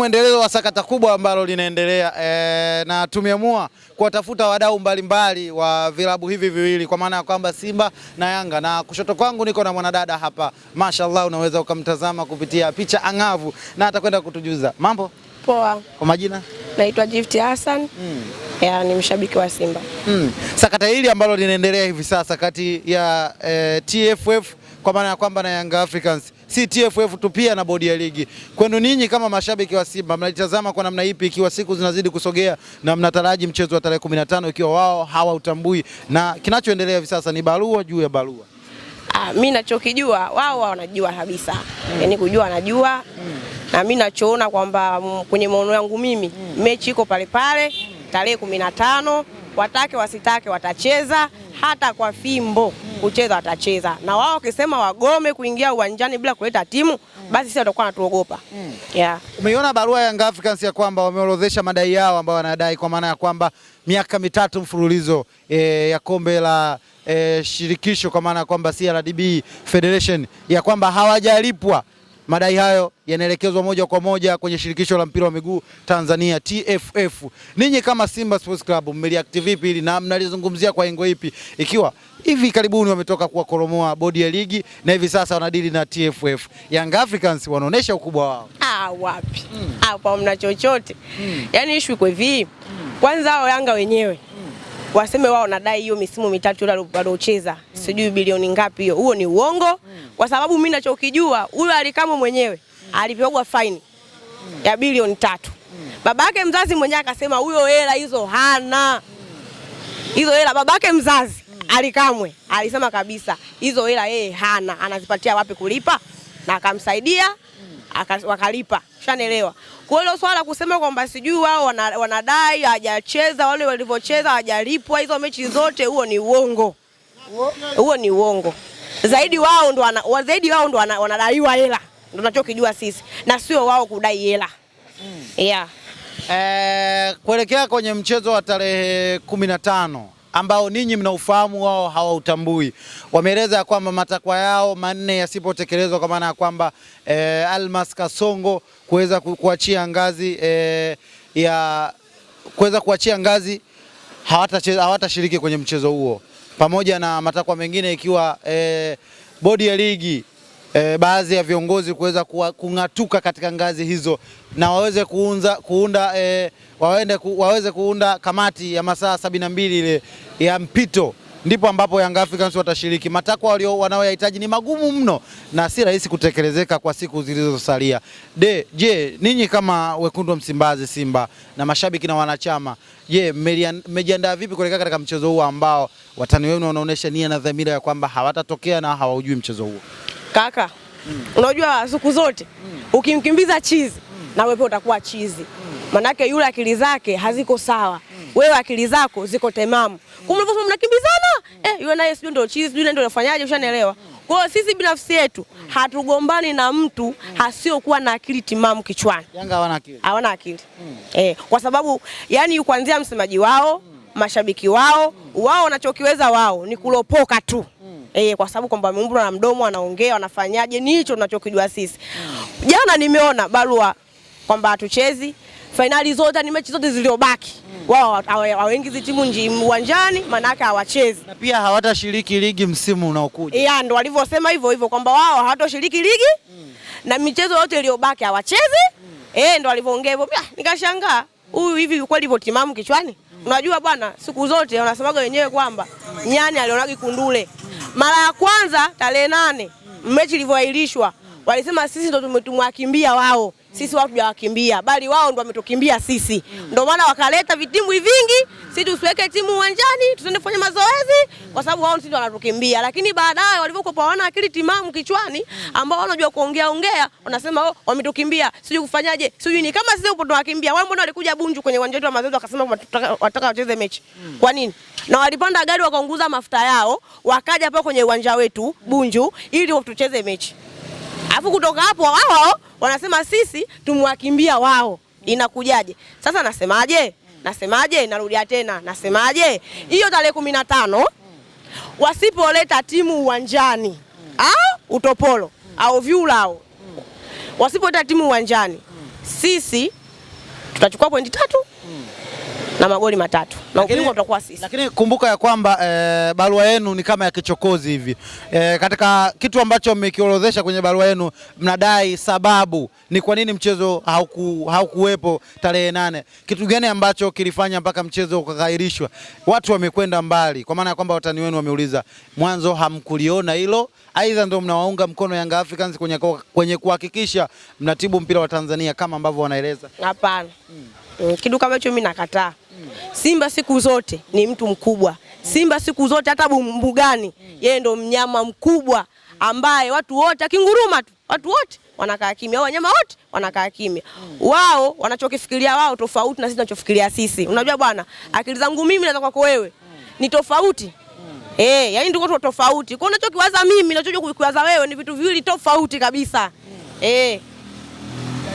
mwendelezo wa sakata kubwa ambalo linaendelea e, na tumeamua kuwatafuta wadau mbalimbali wa vilabu hivi viwili kwa maana ya kwamba Simba na Yanga, na kushoto kwangu niko na mwanadada hapa, mashallah, unaweza ukamtazama kupitia picha ang'avu na atakwenda kutujuza mambo. Poa. Kwa majina naitwa Gift Hassan mm. Ya, ni mshabiki wa Simba mm. Sakata hili ambalo linaendelea hivi sasa kati ya e, eh, TFF kwa maana ya kwamba na Young Africans si TFF tu, pia na bodi ya ligi. Kwenu ninyi kama mashabiki wa Simba mnaitazama kwa namna ipi, ikiwa siku zinazidi kusogea na mnataraji mchezo wa tarehe 15 ikiwa wao hawautambui na kinachoendelea hivi sasa ni barua juu ya barua? Ah, mimi nachokijua wao wanajua kabisa mm. Yaani kujua wanajua mm. Na mimi nachoona kwamba mm, kwenye maono yangu mimi mm. mechi iko pale pale tarehe 15 watake wasitake watacheza hata kwa fimbo kucheza watacheza, na wao wakisema wagome kuingia uwanjani bila kuleta timu mm. basi sisi watakuwa wanatuogopa mm. yeah. Umeiona barua ya Young Africans ya kwamba wameorodhesha madai yao ambao wanadai kwa maana ya kwamba miaka mitatu mfululizo e, ya kombe la e, shirikisho kwa maana ya kwamba CRDB Federation ya kwamba hawajalipwa Madai hayo yanaelekezwa moja kwa moja kwenye shirikisho la mpira wa miguu Tanzania TFF. Ninyi kama Simba Sports Club mmeliact vipi hili na mnalizungumzia kwa engo ipi, ikiwa hivi karibuni wametoka kuwa koromoa bodi ya ligi na hivi sasa wanadili na TFF? Young Africans wanaonesha ukubwa wao. Ah, wapi hmm. hapa mm. Mna chochote mm. Yaani ishu iko hivi mm. Kwanza hao Yanga wenyewe waseme wao nadai hiyo misimu mitatu ile aliocheza mm. sijui bilioni ngapi hiyo, huo ni uongo mm. kwa sababu mimi ninachokijua huyo Alikamwe mwenyewe mm. alipigwa faini mm. ya bilioni tatu mm. babake mzazi mwenyewe akasema huyo hela hizo hana hizo mm. hela babake mzazi mm. Alikamwe alisema kabisa hizo hela yeye hana, anazipatia wapi kulipa, na akamsaidia wakalipa, shanaelewa. Kwa hilo swala kusema kwamba sijui wao wanadai hajacheza, wale walivyocheza hawajalipwa hizo mechi zote, huo ni uongo, huo ni uongo. Zaidi wao ndo wana, zaidi wao ndo wana, wanadaiwa hela, ndo tunachokijua sisi na sio wao kudai hela mm. yeah. Eh, kuelekea kwenye mchezo wa tarehe kumi na tano ambao ninyi mnaufahamu, wao hawautambui. Wameeleza ya kwamba matakwa yao manne yasipotekelezwa, kwa maana ya kwamba e, Almas Kasongo kuweza kuachia ngazi e, ya kuweza kuachia ngazi, hawatashiriki kwenye mchezo huo, pamoja na matakwa mengine ikiwa e, bodi ya ligi e, baadhi ya viongozi kuweza kung'atuka katika ngazi hizo na waweze kuunza, kuunda, e, eh, waende ku, waweze kuunda kamati ya masaa sabini na mbili ile ya mpito ndipo ambapo Young Africans watashiriki. Matakwa walio wanaoyahitaji ni magumu mno na si rahisi kutekelezeka kwa siku zilizosalia. De, je, ninyi kama wekundu wa Msimbazi Simba na mashabiki na wanachama, je, mmejiandaa vipi kuelekea katika mchezo huu ambao watani wenu wanaonyesha nia na dhamira ya kwamba hawatatokea na hawaujui mchezo huo? Kaka, mm. unajua siku zote mm. ukimkimbiza chizi mm. na wewe utakuwa chizi mm. manake yule akili zake haziko sawa mm. wewe akili zako ziko temamu mm. kumlivyo mnakimbizana mm. eh, yule naye sio ndio chizi yule ndio anafanyaje ushanielewa mm. Kwa hiyo sisi binafsi yetu mm. hatugombani na mtu mm. asiyokuwa na akili timamu kichwani. Yanga hawana akili. Hawana akili. Mm. Eh, kwa sababu yani kuanzia msemaji wao mm. mashabiki wao mm. wao wanachokiweza wao ni kulopoka tu mm eh, kwa sababu kwamba ameumbwa na mdomo, anaongea, anafanyaje, ni hicho tunachokijua sisi. Mm. Jana nimeona barua kwamba hatuchezi fainali zote, ni mechi zote zilizobaki. Mm. Wao hawaingizi timu nje uwanjani, maanake hawachezi na pia hawatashiriki ligi msimu unaokuja. Yeah, ndo walivyosema hivyo hivyo kwamba wao hawatoshiriki ligi. Mm. na michezo yote iliyobaki hawachezi. Mm. Eh, ndo walivyoongea hivyo, nikashangaa huyu hivi kweli ipo timamu kichwani? Mm. Unajua bwana, siku zote wanasemaga wenyewe kwamba mm. nyani alionaga kundule. Mm. Mara ya kwanza tarehe nane mechi ilivyoahirishwa, walisema sisi ndo tumewakimbia wao sisi wao tujawakimbia, bali wao ndo wametukimbia sisi. Ndio maana wakaleta vitimu vingi, sisi tusiweke timu uwanjani, tuende kufanya mazoezi, kwa sababu wao sisi wanatukimbia. Lakini baadaye walivyokuwa hawana akili timamu kichwani, ambao wanajua kuongea ongea, wanasema oh, wametukimbia, sijui kufanyaje, sijui ni kama sisi upo tunawakimbia wao. Mbona walikuja Bunju kwenye uwanja wetu wa mazoezi wakasema wanataka wacheze mechi? Mm. Kwa nini? Na walipanda gari wakaunguza mafuta yao, wakaja hapa kwenye uwanja wetu Bunju ili tucheze mechi. Alafu kutoka hapo wao wanasema sisi tumwakimbia wao. Inakujaje? Sasa nasemaje? Nasemaje? Narudia tena, nasemaje? Hiyo tarehe kumi na tano wasipoleta timu uwanjani mm. ah, mm. au utopolo au vyulao, mm. wasipoleta timu uwanjani sisi tutachukua pointi tatu na magoli matatu na ubingwa utakuwa sisi. Lakini kumbuka ya kwamba e, barua yenu ni kama ya kichokozi hivi e, katika kitu ambacho mmekiorodhesha kwenye barua yenu mnadai sababu ni kwa nini mchezo hauku, haukuwepo tarehe nane. Kitu gani ambacho kilifanya mpaka mchezo ukaghairishwa? Watu wamekwenda mbali, kwa maana ya kwamba watani wenu wameuliza mwanzo hamkuliona hilo, aidha ndio mnawaunga mkono Yanga Africans kwenye, kwenye kuhakikisha mnatibu mpira wa Tanzania kama ambavyo wanaeleza. Hapana. Hmm. Mm, kitu kama hicho mimi nakataa. Simba siku zote ni mtu mkubwa. Simba siku zote hata mbugani, yeye ndo mnyama mkubwa ambaye watu wote akinguruma tu watu wote wanakaa kimya, au wanyama wote wanakaa kimya. Wao wanachokifikiria wao tofauti na sisi tunachofikiria sisi. Unajua bwana, akili zangu mimi naweza kwako wewe ni tofauti eh, yani ndiko tofauti. Kwa unachokiwaza mimi na unachokuwaza wewe ni vitu viwili tofauti kabisa eh.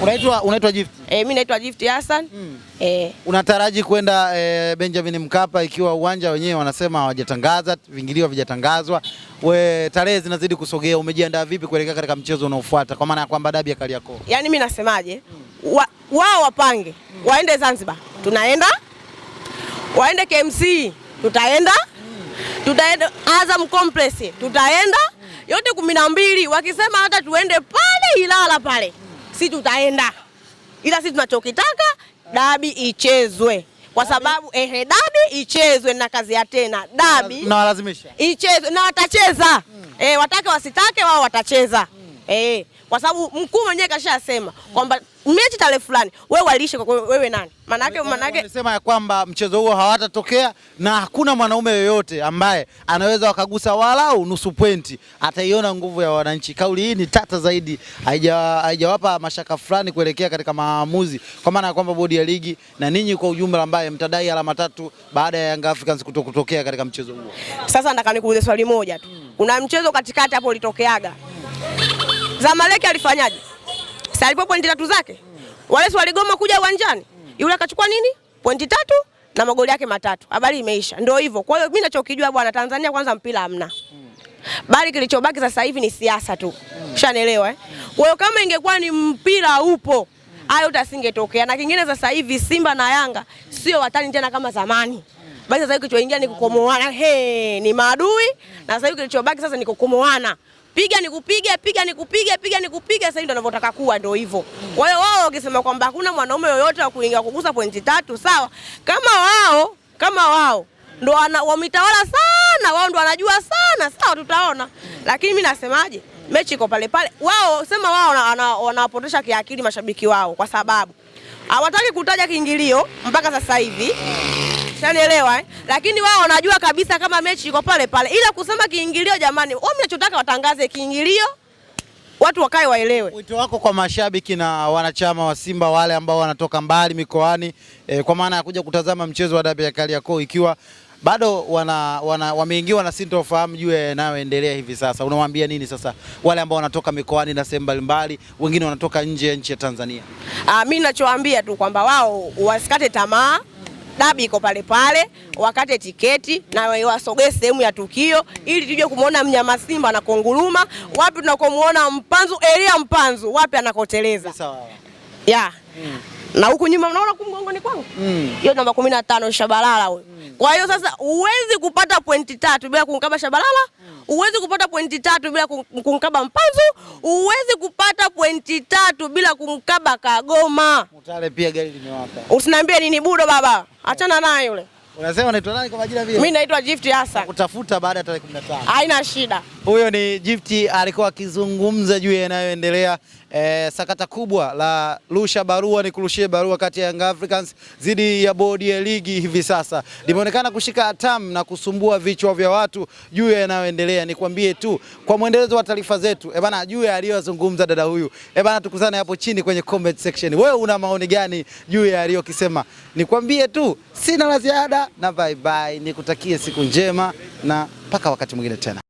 Unaitwa unaitwa Gift? Eh, mimi naitwa Gift Hassan. Mm. Eh. Unataraji kwenda e, Benjamin Mkapa ikiwa uwanja wenyewe wanasema hawajatangaza, vingilio havijatangazwa. We tarehe zinazidi kusogea, umejiandaa vipi kuelekea katika mchezo unaofuata kwa maana ya kwamba dabi ya Kariakoo? Yaani mimi nasemaje? Mm. Wa, wao wapange, mm. waende Zanzibar. Mm. Tunaenda. Waende KMC. Tutaenda. Mm. Tutaenda Azam Complex. Tutaenda. Mm. Yote kumi na mbili wakisema hata tuende pale Ilala pale si tutaenda, ila si tunachokitaka dabi ichezwe kwa sababu ehe, dabi ichezwe na kazi ya tena dabi na walazimisha ichezwe na watacheza mm. E, watake wasitake wao watacheza mm. E, kwa sababu mkuu mwenyewe kashasema kwamba mechi tarehe fulani wewe walishe kwa wewe nani? Manake manake anasema ya kwamba mchezo huo hawatatokea na hakuna mwanaume yoyote ambaye anaweza wakagusa walau nusu pointi, ataiona nguvu ya wananchi. Kauli hii ni tata zaidi, haijawapa mashaka fulani kuelekea katika maamuzi, kwa maana ya kwamba bodi ya ligi na ninyi kwa ujumla, ambaye mtadai alama tatu baada ya Young Africans kutokutokea katika mchezo huo. Sasa nataka nikuulize swali moja tu, hmm. kuna mchezo katikati hapo ulitokeaga Zamaleki alifanyaje? Sasa alipo pointi tatu zake. Wale si waligoma kuja uwanjani. Yule akachukua nini? Pointi tatu na magoli yake matatu. Habari imeisha. Ndio hivyo. Kwa hiyo mimi nachokijua bwana, Tanzania kwanza mpira hamna. Bali kilichobaki sasa hivi ni siasa tu. Ushanielewa eh? Kwa hiyo kama ingekuwa ni mpira upo, hayo tasingetokea. Na kingine sasa hivi Simba na Yanga sio watani tena kama zamani. Basi sasa hivi kilichoingia ni kukomoana. He, ni maadui. Na sasa hivi kilichobaki sasa ni kukomoana piga nikupige, piga nikupige, piga nikupige. Sasa ndio anavyotaka kuwa ndo hivyo. Kwa hiyo wao wakisema kwamba hakuna mwanaume yoyote wa kuingia kugusa pointi tatu, sawa. Kama wao kama wao ndo wametawala sana, wao ndo wanajua sana, sawa, tutaona. Lakini mi nasemaje, mechi iko pale pale. Wao sema wao wanawapotesha kiakili mashabiki wao, kwa sababu hawataki kutaja kiingilio mpaka sasa hivi Unanielewa eh? Lakini wao wanajua kabisa kama mechi iko pale pale, ila kusema kiingilio, jamani, wao mnachotaka watangaze kiingilio, watu wakae waelewe. Wito wako kwa mashabiki na wanachama wa Simba wale ambao wanatoka mbali mikoani, eh, kwa maana ya kuja kutazama mchezo wa dabi ya Kariakoo ikiwa bado wana, wana, wameingiwa na sintofahamu juu ya yanayoendelea hivi sasa, unawaambia nini sasa wale ambao wanatoka mikoani na sehemu mbalimbali, wengine wanatoka nje ya nchi ya Tanzania? Ah, mimi ninachowaambia tu kwamba wao wasikate tamaa dabi iko pale pale, wakate tiketi na wasogee sehemu ya tukio ili tuje kumwona mnyama simba na konguruma wapi tunakomuona mpanzu elia mpanzu wapi anakoteleza yeah. mm. na huku nyuma unaona kumgongoni kwangu mm. hiyo mm. namba kumi na tano Shabalala huyo mm. kwa hiyo sasa huwezi kupata pointi tatu bila kumkaba Shabalala Huwezi kupata pointi tatu bila kumkaba Mpanzu, huwezi kupata pointi tatu bila kumkaba Kagoma. Mutale pia gari limewapa. Usiniambie nini budo baba, achana naye yule. Unasema unaitwa nani kwa majina vile? Mimi naitwa Gift Hasa. Kutafuta baada ya tarehe 15. Haina shida. Huyo ni Gift alikuwa akizungumza juu yanayoendelea e, sakata kubwa la rusha barua ni kurushia barua kati ya Young Africans dhidi ya bodi ya ligi hivi sasa limeonekana kushika hatamu na kusumbua vichwa vya watu juu yanayoendelea. Nikwambie tu kwa mwendelezo wa taarifa zetu e bana, juu aliyozungumza dada huyu e bana, tukuzane hapo chini kwenye comment section, wewe una maoni gani juu ya aliyokisema? Nikwambie tu sina la ziada na bye bye, nikutakie siku njema na mpaka wakati mwingine tena.